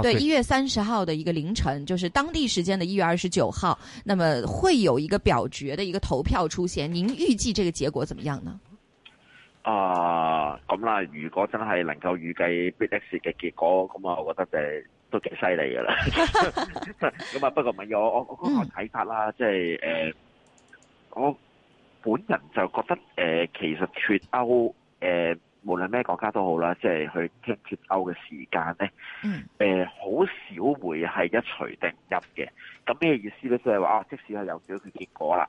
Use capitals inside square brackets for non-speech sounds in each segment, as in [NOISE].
對，一月三十號的一個凌晨，就是當地時間的一月二十九號，那麼會有一個表決的一個投票出現。您預計這個結果怎麼樣呢？啊，咁啦，如果真係能夠預計 Brexit 嘅結果，咁啊，我覺得就係都幾犀利噶啦。咁 [LAUGHS] 啊， [LAUGHS] 不過唔緊我我個人睇法啦，即係誒，我本人就覺得誒、呃，其實脫歐誒。無論咩國家都好啦，即、就、係、是、去傾脱歐嘅時間咧，好、mm. 呃、少會係一錘定音嘅。咁咩意思咧？即係話啊，即使係有咗佢結果啦，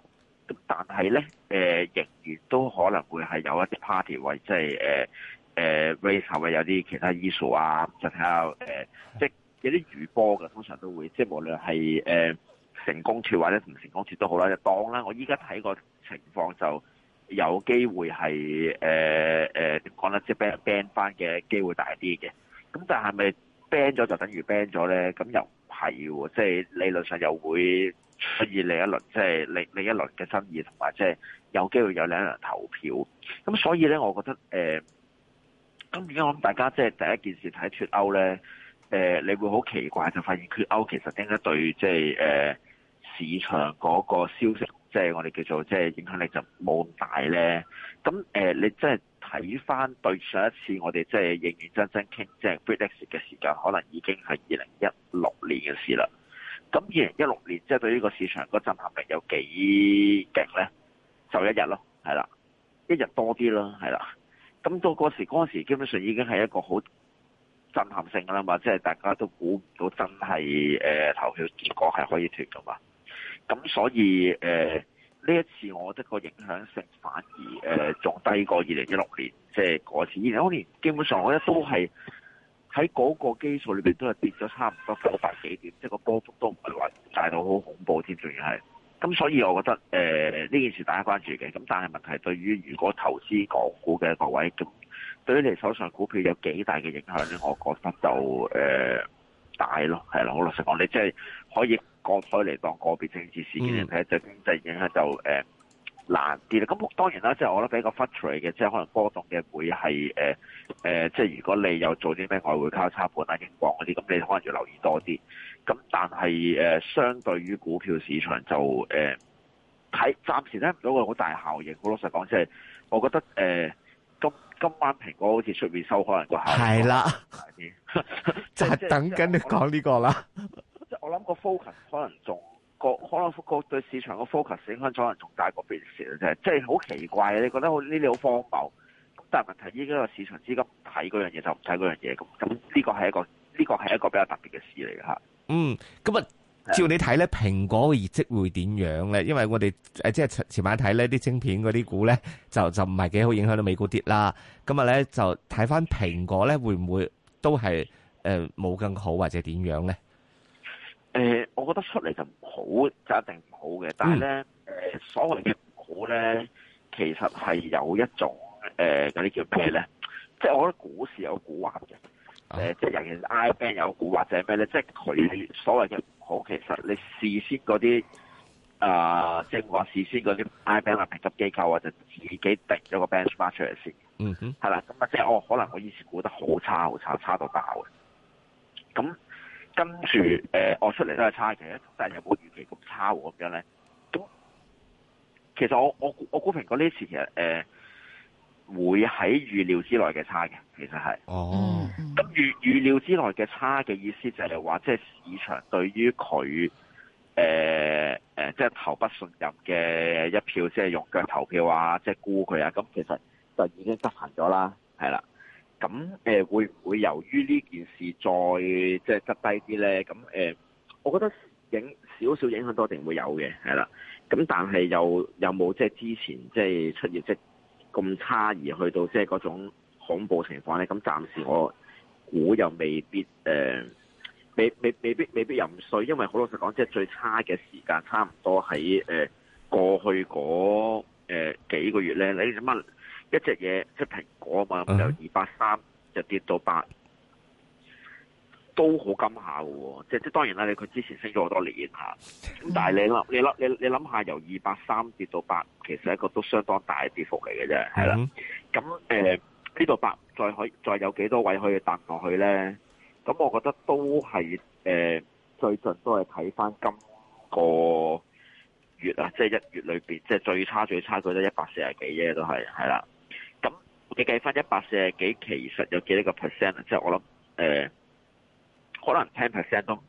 但係咧，誒、呃、仍然都可能會係有一啲 party、就是呃、race, 或即 race 稍微有啲其他 issue 啊，就睇下誒，即、呃、係、就是、有啲餘波嘅。通常都會即係、就是、無論係誒、呃、成功脱或者唔成功脱都好啦，就當啦。我依家睇個情況就。有機會係誒誒點講咧？即係 ban ban 翻嘅機會大啲嘅。咁但係咪 ban 咗就等於 ban 咗咧？咁又唔係喎，即係理論上又會出現另一輪，即係另另一輪嘅爭議，同埋，即係有機會有另一輪投票。咁所以咧，我覺得誒，咁點解我諗大家即係第一件事睇脱歐咧，誒、呃，你會好奇怪就發現脱歐其實應該對即係誒市場嗰個消息，即係我哋叫做即係影響力就冇咁大咧。咁誒，你真係睇翻對上一次我哋即係認認真真傾即係 Brexit 嘅時間，可能已經係二零一六年嘅事啦。咁二零一六年即係對呢個市場個震撼力有幾勁咧？就一日咯，係啦，一日多啲咯，係啦。咁到嗰時嗰時，基本上已經係一個好震撼性噶啦嘛，即係大家都估唔到真係誒投票結果係可以斷噶嘛。咁所以誒呢、呃、一次，我覺得個影響性反而誒仲、呃、低過二零一六年即係嗰次，二零一六年基本上我都係喺嗰個基礎裏面，都係跌咗差唔多九百幾點，即、就、係、是、個波幅都唔係話大到好恐怖添，仲要係。咁所以我覺得誒呢、呃、件事大家關注嘅，咁但係問題對於如果投資港股嘅各位，對於你手上股票有幾大嘅影響咧，我覺得就誒、呃、大咯，係啦，好老實講，你即係可以。個台嚟當個別政治事件嚟睇，就、嗯、經濟影響就誒、呃、難啲啦。咁當然啦，即、就、係、是、我覺得比較 futile 嘅，即、就、係、是、可能波動嘅會係誒、呃呃、即係如果你有做啲咩外匯交叉盤啊、英鎊嗰啲，咁你可能要留意多啲。咁但係誒、呃，相對於股票市場就誒，睇、呃、暫時睇唔到個好大效應。好老實講，即、就、係、是、我覺得誒、呃，今今晚蘋果好似出面收可能個係啦， [LAUGHS] 就係等緊你講呢個啦。 [LAUGHS] 我諗個 focus 可能仲個可能個對市場個 focus 影響可能仲大過件事，即係即係好奇怪，你覺得好呢啲好荒謬，但係問題依家個市場資金睇嗰樣嘢就唔睇嗰樣嘢，咁咁呢個係一個呢個係一個比較特別嘅事嚟嘅吓。嗯，咁啊，照你睇咧，蘋果嘅業績會點樣咧？因為我哋誒即係前晚睇呢啲晶片嗰啲股咧，就就唔係幾好，影響到美股跌啦。咁啊咧就睇翻蘋果咧，會唔會都係誒冇更好或者點樣咧？誒、呃，我覺得出嚟就唔好就一定唔好嘅，但係咧，誒、嗯呃、所謂嘅唔好咧，其實係有一種誒嗰啲叫咩咧？即、就、係、是、我覺得股市有蠱惑嘅，誒即係尤其是 I bank 有蠱惑，就係咩咧？即係佢所謂嘅唔好，其實你事先嗰啲啊，即係話事先嗰啲 I bank 啊評級機構啊，就自己定咗個 benchmark 出嚟先，嗯哼，係啦，咁啊即係我可能我以前估得好差好差差到爆嘅，咁。跟住誒、呃，我出嚟都係差嘅，但係有冇預期咁差喎咁樣咧？咁其實我我我估蘋果呢次其實誒會喺預料之內嘅差嘅，其實係。哦。咁、呃、預料之內嘅差嘅意思就係話，即係市場對於佢誒即係投不信任嘅一票，即係用腳投票啊，即係沽佢啊，咁其實就已經執行咗啦，係啦。咁誒會唔會由於呢件事再即係執低啲咧？咁誒，我覺得影少少影響都一定會有嘅，係啦。咁但係又有冇即係之前即係出現即係咁差，而去到即係嗰種恐怖情況咧。咁暫時我估又未必誒，未未未必未必入水，因為好老實講，即係最差嘅時間差唔多喺誒過去嗰幾幾個月咧。你諗乜？一隻嘢即係蘋果啊嘛，由二百三就跌到八，uh-huh. 都好金下喎。即係即係當然啦，你佢之前升咗好多年嚇，咁但係你諗你諗你你諗下，由二百三跌到八，其實一個都相當大嘅跌幅嚟嘅啫。係啦，咁誒呢度八再可以再有幾多位可以彈落去咧？咁我覺得都係誒、呃、最近都係睇翻今個月啊，即係一月裏面，即、就、係、是、最差最差，佢得一百四十幾啫，都係係啦。你計翻一百四十幾其，其實有幾多個 percent 啊？即係我諗，誒，可能 ten percent 都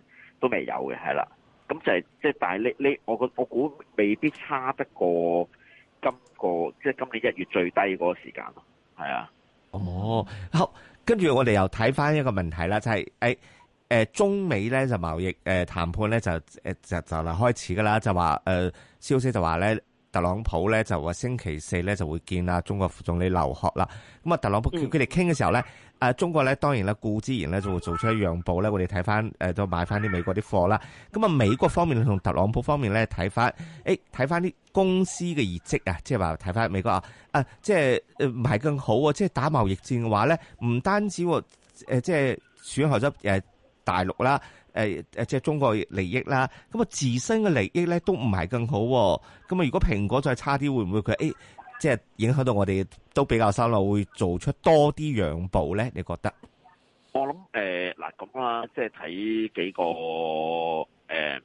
都未有嘅，係啦。咁就係即係，但係呢呢，我我估未必差得過今個，即係今年一月最低嗰個時間咯。係啊。哦。好，跟住我哋又睇翻一個問題啦，就係誒誒中美咧就貿易誒、呃、談判咧就誒就就嚟開始噶啦，就話誒、呃、消息就話咧。特朗普咧就話星期四咧就會見啊中國副總理劉鶴啦。咁啊特朗普佢哋傾嘅時候咧、嗯啊，中國咧當然咧固之然咧就會做出讓步咧。我哋睇翻誒都買翻啲美國啲貨啦。咁、嗯、啊美國方面同特朗普方面咧睇翻，誒睇翻啲公司嘅業績啊，即係話睇翻美國啊，啊即係誒唔係更好喎。即係打貿易戰嘅話咧，唔單止喎、呃，即係損害咗、呃、大陸啦。誒即係中國利益啦，咁啊自身嘅利益咧都唔係更好喎。咁啊，如果蘋果再差啲，會唔會佢即係影響到我哋都比較收咯？會做出多啲讓步咧？你覺得？我諗誒嗱，咁、呃、啦，即係睇幾個誒、呃、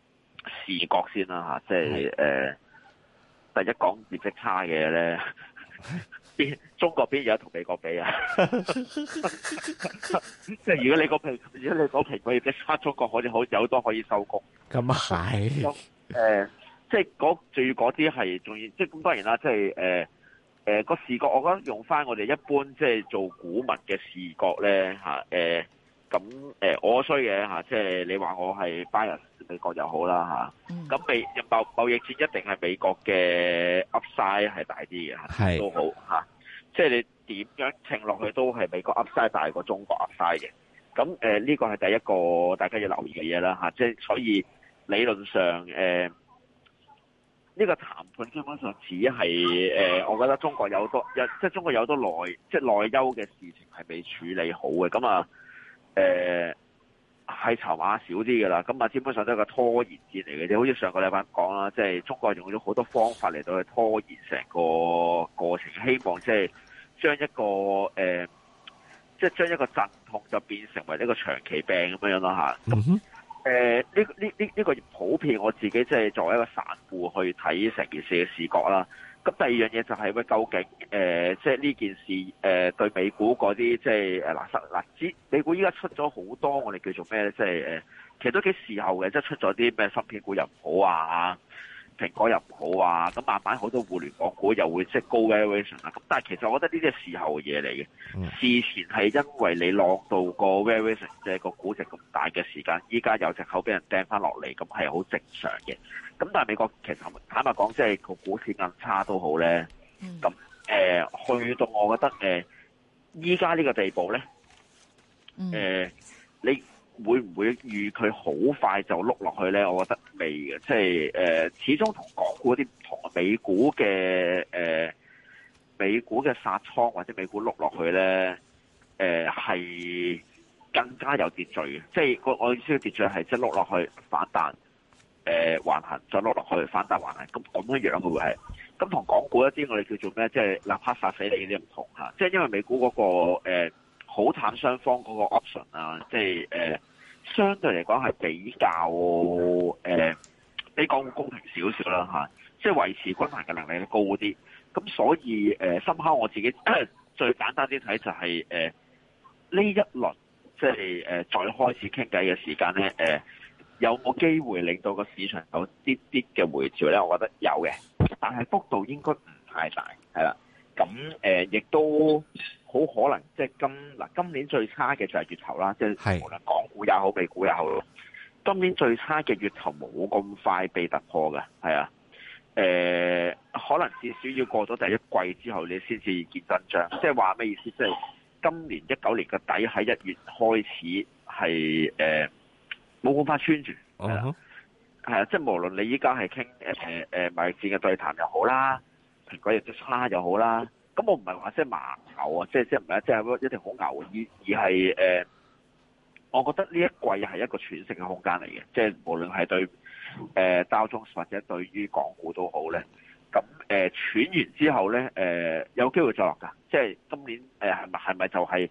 視角先啦吓，即係誒、呃、第一講業績差嘅咧。 [LAUGHS] 邊中國邊有得同美國比啊！即 [LAUGHS] 係 [LAUGHS] 如果你個蘋，如果你蘋果要即刻中國可以好似好多可以收工，咁係、嗯。誒、uh,，即係嗰最啲係，仲要即係咁當然啦，即係誒誒個視覺，我覺得用翻我哋一般即係、就是、做股民嘅視覺咧吓誒。Uh, uh, 咁誒、呃，我衰嘅即係你話我係 bias 美國就好啦，咁美貿貿易戰一定係美國嘅 Upside 係大啲嘅都好，即係、啊就是、你點樣稱落去都係美國 Upside 大過中國 Upside 嘅。咁呢個係第一個大家要留意嘅嘢啦，即係所以理論上誒，呢、啊這個談判基本上只係誒、啊，我覺得中國有多，即、就、係、是、中國有多內即、就是、內憂嘅事情係未處理好嘅，咁啊～誒、呃，係籌碼少啲噶啦，咁啊，基本上都係個拖延戰嚟嘅，就好似上個禮拜講啦，即係中國用咗好多方法嚟到去拖延成個過程，希望即係將一個誒，即係將一個陣痛就變成為一個長期病咁樣樣啦吓。咁、啊、誒，呢呢呢呢個普遍，我自己即係作為一個散戶去睇成件事嘅視覺啦。咁第二樣嘢就係喂，究竟誒，即係呢件事誒，對美股嗰啲即係誒嗱，十嗱，美股依家出咗好多，我哋叫做咩咧？即係其實都幾時候嘅，即係出咗啲咩芯片股又唔好啊！蘋果又唔好啊，咁慢慢好多互聯網股又會即係高 valuation 啦，啊。咁但係其實我覺得呢啲係事後嘅嘢嚟嘅，事前係因為你攞到個 valuation 即係個估值咁大嘅時間，依家有隻口俾人掟翻落嚟，咁係好正常嘅。咁但係美國其實坦白講，即係個股市咁差都好咧。咁誒、呃、去到我覺得誒依家呢個地步咧，誒、嗯呃、你。會唔會預佢好快就碌落去咧？我覺得未嘅，即係誒、呃，始終同港股一啲唔同。美股嘅誒、呃，美股嘅殺倉或者美股碌落去咧，誒、呃、係更加有秩序嘅。即係我我意思嘅秩序係即係碌落去反彈，誒、呃、橫行再碌落去反彈橫行，咁咁樣樣嘅會係。咁同港股一啲我哋叫做咩？即係立刻殺死你啲唔同嚇。即係因為美股嗰、個、呃、好淡雙方嗰個 option 啊，即係誒。相對嚟講係比較誒、呃，你講公平少少啦吓，即係維持均衡嘅能力高啲，咁所以誒、呃，深刻我自己最簡單啲睇就係誒呢一輪即係誒再開始傾偈嘅時間咧，誒、呃、有冇機會令到個市場有啲啲嘅回調咧？我覺得有嘅，但係幅度應該唔太大係啦。是咁亦、呃、都好可能，即係今嗱，今年最差嘅就係月頭啦，即係無論港股也好，美股也好，今年最差嘅月頭冇咁快被突破嘅，係啊、呃，可能至少要過咗第一季之後，你先至見真章。即係話咩意思？即係今年一九年嘅底喺一月開始係冇咁快穿住，係啊，uh-huh. 啊，即係無論你依家係傾誒誒貿戰嘅對談又好啦。平鬼差又好啦，咁我唔係話即係馬牛啊，即係即係唔係即係一定好牛，而而係誒，我覺得呢一季係一個喘息嘅空間嚟嘅，即係無論係對誒包裝或者對於港股都好咧。咁誒、呃、喘完之後咧誒、呃、有機會再落㗎，即係今年係咪係咪就係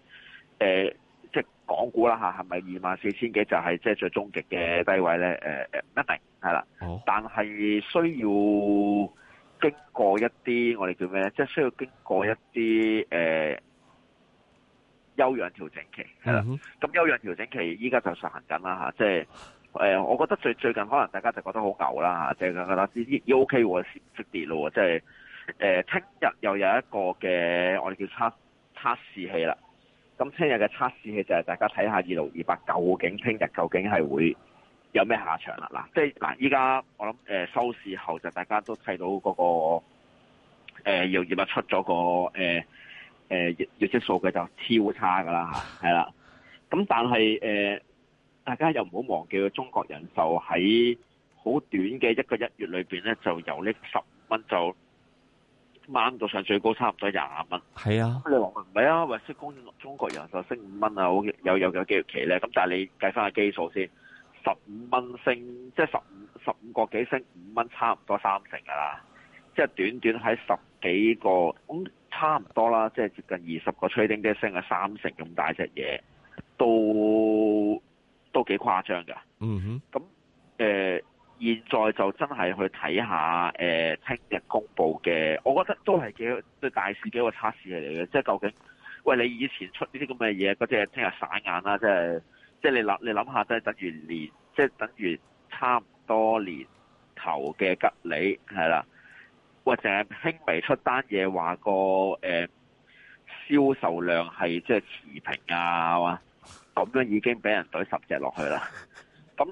誒即係港股啦吓係咪二萬四千幾就係即係最終極嘅低位咧？誒、呃、誒唔一定係啦，但係需要。經過一啲我哋叫咩咧？即係需要經過一啲誒、呃、休養調整期，係啦。咁 [NOISE] 休養調整期依家就實行緊啦吓，即係誒、呃，我覺得最最近可能大家就覺得好舊牛啦吓，即係覺得啲 OK 喎，識跌咯即係誒，聽、呃、日又有一個嘅我哋叫測測試器啦。咁聽日嘅測試器就係大家睇下二六二八究竟聽日究竟係會。有咩下場啦、啊？嗱、就是，即係嗱，依家我諗，誒、呃，收市後就大家都睇到嗰、那個誒，藥、呃、業出咗、那個誒誒業業績數據就超差噶啦吓，係啦。咁 [LAUGHS] 但係誒、呃，大家又唔好忘記中、 [LAUGHS] 啊，中國人壽喺好短嘅一個一月裏邊咧，就由呢十蚊就掹到上最高，差唔多廿蚊。係啊，你話唔係啊？話升工，中國人壽升五蚊啊，有有有幾個月期咧。咁但係你計翻個基數先。十五蚊升，即係十五十五個幾升五蚊，差唔多三成㗎啦。即係短短喺十幾個，咁、嗯、差唔多啦。即係接近二十個 trading day 升嘅三成咁大隻嘢，都都幾誇張㗎。嗯哼。咁誒、呃，現在就真係去睇下誒，聽、呃、日公布嘅，我覺得都係幾對大市幾個測試嚟嘅。即係究竟，喂，你以前出呢啲咁嘅嘢，嗰隻聽日散眼啦，即係。即係你諗，你諗下，即係等於年，即係等於差唔多年頭嘅吉利係啦。或者輕微出單嘢話個誒銷售量係即係持平啊，咁樣已經俾人懟十隻落去啦。咁。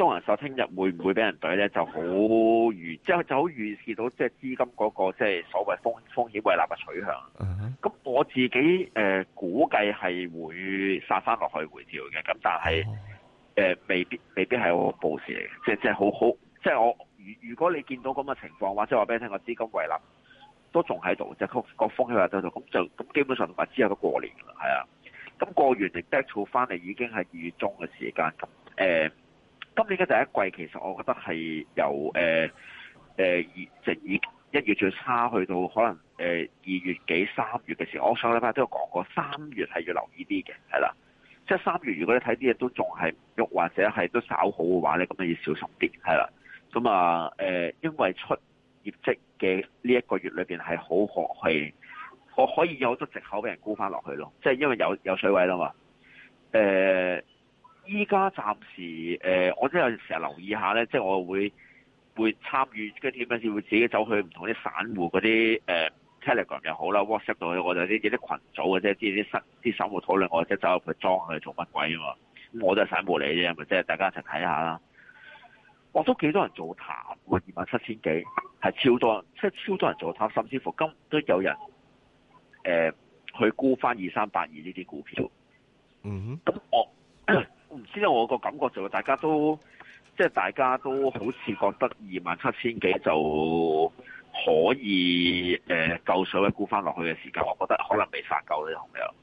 中銀手聽日會唔會俾人懟咧？就好預即係就好預示到即係資金嗰個即係所謂風險風險胃納嘅取向。咁我自己、呃、估計係會殺翻落去回調嘅。咁但係、呃、未必未必係、就是就是就是、我暴事嚟嘅。即即係好好即係我如如果你見到咁嘅情況話，或者話俾你聽個資金胃納都仲喺度，即係各各風險位喺度。咁就咁基本上話之後都過年啦，係啊。咁過完亦 back 翻嚟已經係二月中嘅時間。呃今年嘅第一季其實我覺得係由誒誒，即係以，以一月最差去到可能、呃、二月幾三月嘅時候，我上個禮拜都有講過，三月係要留意啲嘅，係啦。即係三月如果你睇啲嘢都仲係喐，或者係都稍好嘅話咧，咁你就要小心啲，係啦。咁啊誒，因為出業績嘅呢一個月裏面係好學係，我可以有好多藉口俾人沽翻落去咯。即係因為有有水位啦嘛，呃依家暫時誒、呃，我都有成日留意下咧，即、就、係、是、我會會參與跟點樣先會自己走去唔同啲散戶嗰啲誒 Telegram 又好啦，WhatsApp 到去，我就啲啲群組嘅即係啲啲散戶討論，我即係走入去裝佢做乜鬼啊嘛，咁我都係散戶嚟啫，咪即係大家一齊睇下啦。我都幾多人做淡喎，二萬七千幾係超多，即係超多人做淡，甚至乎今都有人誒、呃、去沽翻二三八二呢啲股票。咁、嗯、我。唔知道我個感覺就係大家都即係、就是、大家都好似覺得二萬七千幾就可以誒、呃、夠水位沽翻落去嘅時間，我覺得可能未發夠啲紅牛，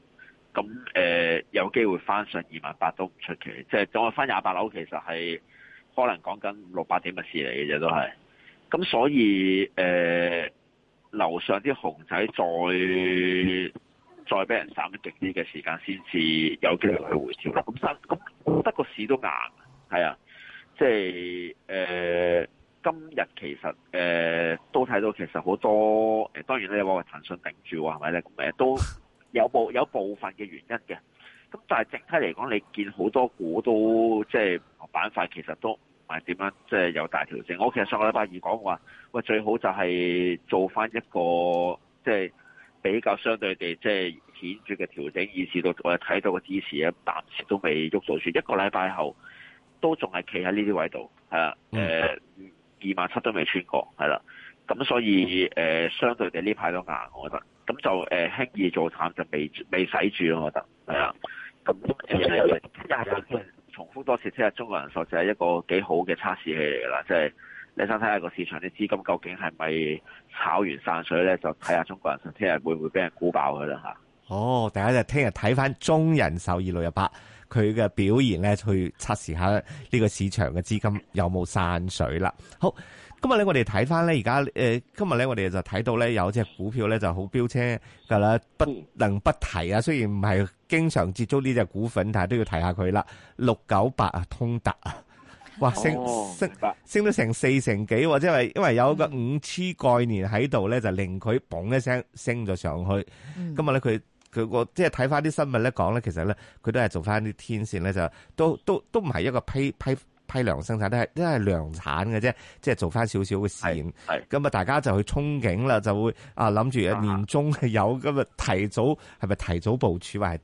咁誒、呃、有機會翻上二萬八都唔出奇，即係等我翻廿八樓其實係可能講緊五六百點嘅事嚟嘅啫，都係，咁所以誒、呃、樓上啲熊仔再。再俾人省勁啲嘅時間，先至有機會去回調啦。咁新，咁得個市都硬，係啊，即係誒，今日其實誒、呃、都睇到其實好多誒，當然咧有話騰訊頂住喎，係咪咧？誒都有部有部分嘅原因嘅。咁但係整體嚟講，你見好多股都即係板塊，其實都唔係點樣，即係有大調整。我其實上個禮拜二講話，喂，最好就係做翻一個即係。比較相對地即係顯著嘅調整，以致到我哋睇到個支持啊，暫時都未喐到住。一個禮拜後都仲係企喺呢啲位度，係啦，mm -hmm. 二萬七都未穿過，係啦。咁所以、呃、相對地呢排都硬，我覺得。咁就呃輕易做淡就未未使住咯，我覺得係啊。咁即係今日，重複多次，次，即係中國人數就係一個幾好嘅測試器嚟噶啦，即、就、係、是。你想睇下個市場啲資金究竟係咪炒完散水咧？就睇下中國人壽聽日會唔會俾人沽爆佢啦嚇！哦，第一就聽日睇翻中人壽二六一八佢嘅表現咧，去測試下呢個市場嘅資金有冇散水啦。好，今日咧我哋睇翻咧而家誒，今日咧我哋就睇到咧有隻股票咧就好飆車㗎啦，不能不提啊！雖然唔係經常接觸呢隻股份，但係都要提下佢啦。六九八啊，通達啊！哇，升、哦、升升到成四成幾，或者係因為有個五 G 概念喺度咧，就令佢嘣一聲升咗上去。咁啊咧，佢佢個即係睇翻啲新聞咧講咧，其實咧佢都係做翻啲天綫咧，就都都都唔係一個批批批，批量生產，都係都係量產嘅啫，即係做翻少少嘅事。咁啊，大家就去憧憬啦，就會啊諗住年終有咁啊提早，係咪提早部署，或係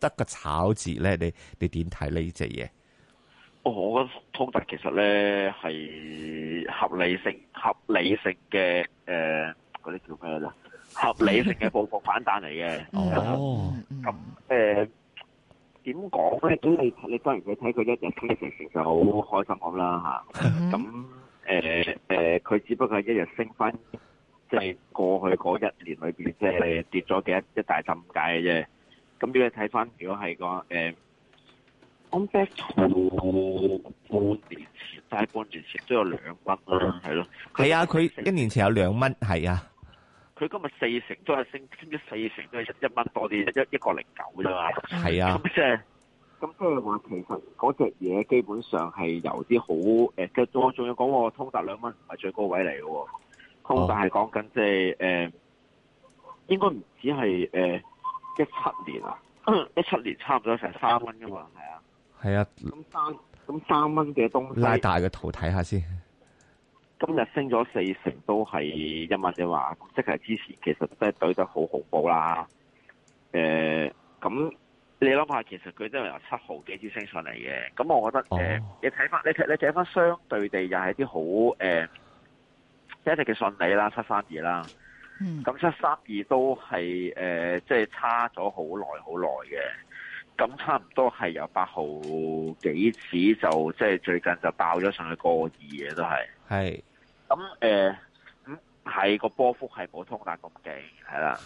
得個炒字咧？你你點睇呢隻嘢？我覺得通達其實呢係合理性、合理性嘅，誒嗰啲叫咩咧？合理性嘅報復反彈嚟嘅。咁誒點講呢？你當然要睇佢一日升線成就好開心咁啦，咁誒佢只不過一日升翻，即、就、係、是、過去嗰一年裏面，即係跌咗幾一大浸解嘅啫。咁如果你睇返，如果係個、呃咁唔係半年前，但係半年前都有兩蚊啦，係咯。係啊，佢一年前有兩蚊，係啊。佢今日四成都係升，升咗四成都係一蚊多啲，一一個零九啫嘛。係啊。咁即係，咁即係話，其實嗰隻嘢基本上係有啲好誒，呃、我仲要講喎，通達兩蚊唔係最高位嚟嘅喎。通達係講緊即係應該唔止係誒一七年啊，一、呃、七年差唔多成三蚊㗎嘛，係啊。係啊，咁三咁三蚊嘅東西拉大個圖睇下先。今日升咗四成，都係因為你話即係之前其實真係懟得好恐怖啦。誒、呃，咁你諗下，其實佢都由七毫幾支升上嚟嘅。咁我覺得誒、哦呃，你睇翻你睇你睇翻相對地又係啲好誒，一直嘅順利啦，七三二啦。咁七三二都係誒，即、呃、係、就是、差咗好耐好耐嘅。咁差唔多係由八毫幾次就即係、就是、最近就爆咗上去個二嘅都係。係。咁誒、咁、呃、係、那個波幅係冇通，但咁勁係啦。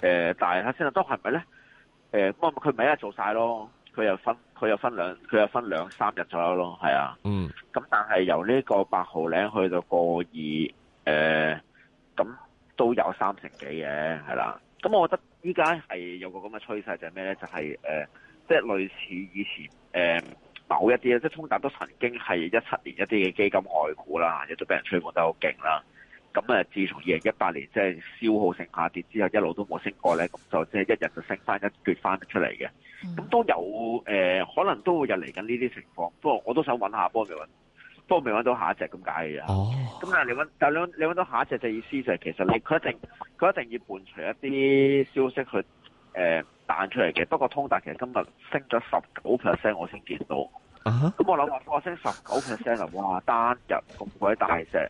誒、呃，但係睇下先啦都係咪咧？誒、呃，佢唔係一日做晒咯，佢又分，佢又分兩，佢又，又分兩三日左右咯。係啊。嗯。咁但係由呢個八毫零去到個二，誒、呃，咁都有三成幾嘅係啦。咁我覺得依家係有個咁嘅趨勢就呢，就係咩咧？就係誒。即係類似以前誒、呃、某一啲咧，即係通達都曾經係一七年一啲嘅基金外股啦，亦都俾人吹捧得好勁啦。咁啊，自從二零一八年即係消耗性下跌之後，一路都冇升過咧，咁就即係一日就升翻一跌翻出嚟嘅。咁都有誒、呃，可能都會入嚟緊呢啲情況。不過我都想揾下，幫你揾，都未揾到下一隻咁解嘅。哦。咁啊，你揾，但係你揾，你揾到下一隻嘅意思就係、是、其實你佢一定佢一定要伴隨一啲消息去誒。呃彈出嚟嘅，不過通達其實今日升咗十九 percent，我先見到咁。我諗、uh -huh. 我升十九 percent 啊，哇！單日咁鬼大隻，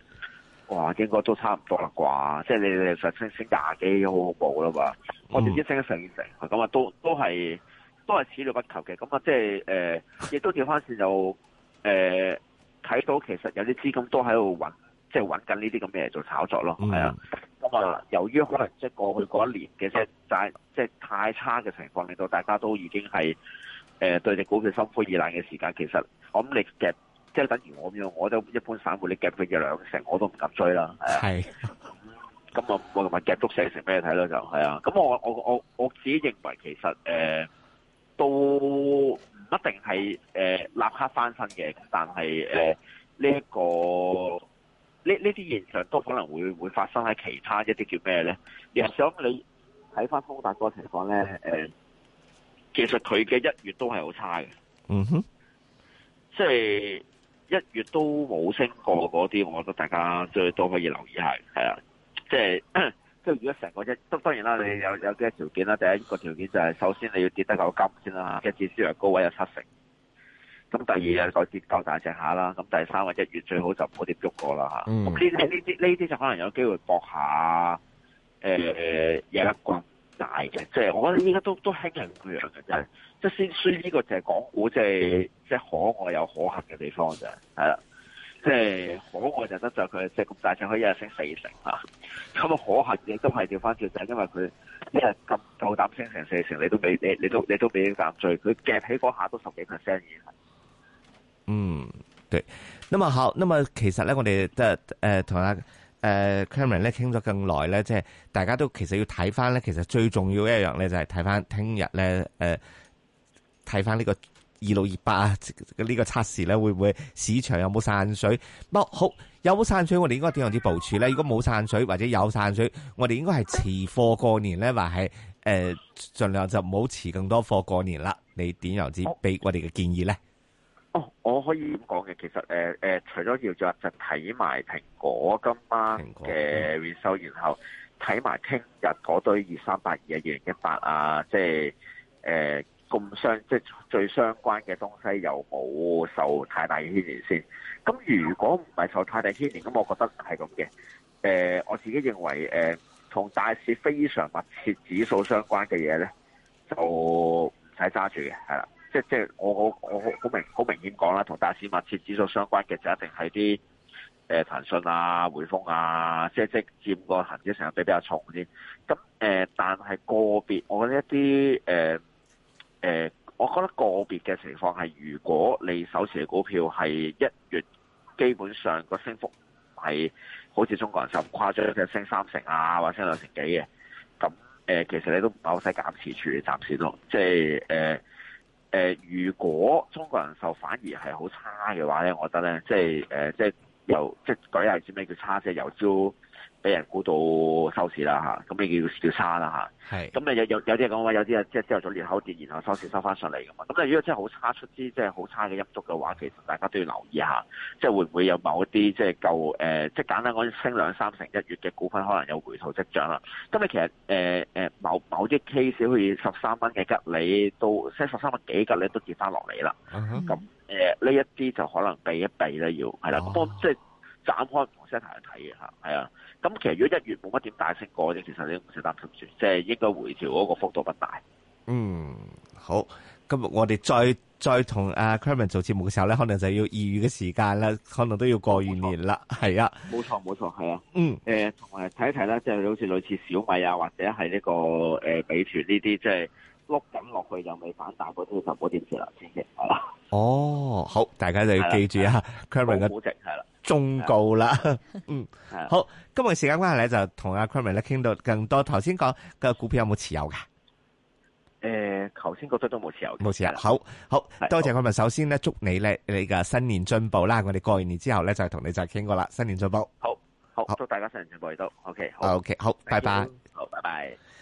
哇！應該都差唔多啦啩，即係你你實升升廿幾，好恐怖啦嘛。我哋一升一成二成咁啊，都都係都係始料不及嘅。咁、嗯、啊，即係誒、呃，亦都跌翻線就，誒、呃，睇到其實有啲資金都喺度搵。即係揾緊呢啲咁嘅嘢做炒作咯，係、嗯、啊。咁啊，由於可能即係過去嗰一年嘅即係太即係太差嘅情況，令到大家都已經係誒對隻股票心灰意冷嘅時間。其實我諗你夾，即係等於我咁樣，我都一般散戶，你夾佢嘅兩成，我都唔敢追啦。係咁啊，嗯、我同埋夾足四成，畀你睇咯。就係啊。咁我我我我自己認為其實誒、呃、都唔一定係誒立刻翻身嘅，但係誒呢一個。呢呢啲現象都可能會會發生喺其他一啲叫咩咧？又、mm -hmm。想你睇翻通達哥嘅情況咧、呃，其實佢嘅一月都係好差嘅，嗯哼，即係一月都冇升過嗰啲，我覺得大家最多可以留意下，係啊，即係即係如果成個一，都當然啦，你有有幾個條件啦，第一個條件就係首先你要跌得夠深先啦，即係至少係高位有七成。咁第二日個跌夠大隻下啦。咁第三日一月最好就唔好跌喐過啦吓。咁呢啲呢啲呢啲就可能有機會搏下誒有，呃、一個大嘅，即係我覺得依家都都輕人樣嘅，即係雖雖呢個就係港股即係即係可愛又可恨嘅地方啫，係啦，即係可愛就得係佢即係咁大隻可以一日升四成嚇。咁可恨嘅都係掉翻轉，就係因為佢一日咁夠膽升成四成，你都俾你你都你都俾啲膽追佢夾起嗰下都十幾 percent 已嗯，對。咁啊好，咁啊其實咧，我哋嘅誒同阿誒 Kevin 咧，傾咗咁耐咧，即係大家都其實要睇翻咧，其實最重要一樣咧就係睇翻聽日咧誒睇翻呢個二六二八啊呢個測試咧，會唔會市場有冇散水？不，好有冇散水，我哋應該點樣子部署咧？如果冇散水或者有散水，我哋應該係持貨過年咧，或係誒盡量就唔好持更多貨過年啦。你點樣子俾我哋嘅建議咧？哦、oh，我可以咁講嘅，其實誒誒、呃，除咗要就睇埋蘋果今晚嘅收，然後睇埋聽日嗰堆二三八二啊、二零一八啊，即係誒咁相即係最相關嘅東西，又冇受太大牽連先。咁如果唔係受太大牽連，咁我覺得係咁嘅。誒、呃，我自己認為誒，同、呃、大市非常密切指數相關嘅嘢咧，就唔使揸住嘅，係啦。即即我我我好好明好明顯講啦，同大市密切指數相關嘅就一定係啲誒騰訊啊、匯豐啊，即即佔個恒指成日比比較重啲。咁誒、呃，但係個別我覺得一啲誒誒，我覺得個別嘅情況係，如果你手持嘅股票係一月基本上個升幅唔係好似中國人咁誇張嘅升三成啊，或者升兩成幾嘅，咁、呃、其實你都唔係好使減持處理暫時咯，即係、呃誒、呃，如果中國人壽反而係好差嘅話咧，我覺得咧，即係誒、呃，即係由、呃、即係舉例子咩叫差啫，由朝俾人估到收市啦嚇，咁你要要差啦嚇。係，咁你有有有啲講話，有啲啊即係朝頭早裂口跌，然後收市收翻上嚟噶嘛。咁如果真係好差出啲，即係好差嘅陰燭嘅話，其實大家都要留意下，即係會唔會有某一啲即係夠，誒，即係簡單講升兩三成一月嘅股份，可能有回頭跡象啦。咁你其實誒誒、呃，某某啲 case 好似十三蚊嘅吉利都即係十三蚊幾吉利都跌翻落嚟啦。嗯哼，咁誒呢一啲就可能避一避啦，要係啦。咁、哦、即係斬開唔同 set 頭去睇嘅嚇，係啊。咁其實如果一月冇乜點大升過，其實你唔使擔心住，即、就、係、是、應該回調嗰個幅度不大。嗯，好，今日我哋再再同阿 k e m i n 做節目嘅時候咧，可能就要二月嘅時間啦，可能都要過完年啦，係啊，冇錯冇錯，係啊，嗯，同埋睇一睇啦。即係好似類似小米啊，或者係呢個誒美團呢啲，即係碌緊落去又未反彈，過都要受嗰啲蝕流嘅，啦 [LAUGHS] 。哦，好，大家就要記住啊 k e m i n 嘅股值啦。忠告啦， [LAUGHS] 嗯，好，今日的時間關係咧，就同阿 Kramer 咧傾到更多。頭先講個股票有冇持有嘅？誒、呃，頭先覺得都冇持，持有，冇持有。好，好多謝 Kramer、okay。我們首先咧，祝你咧你嘅新年進步啦！Okay、我哋過完年之後咧，就同你再傾過啦。新年進步，好好，祝大家新年進步亦都 OK，好 OK，好，拜拜，好，拜拜。Bye bye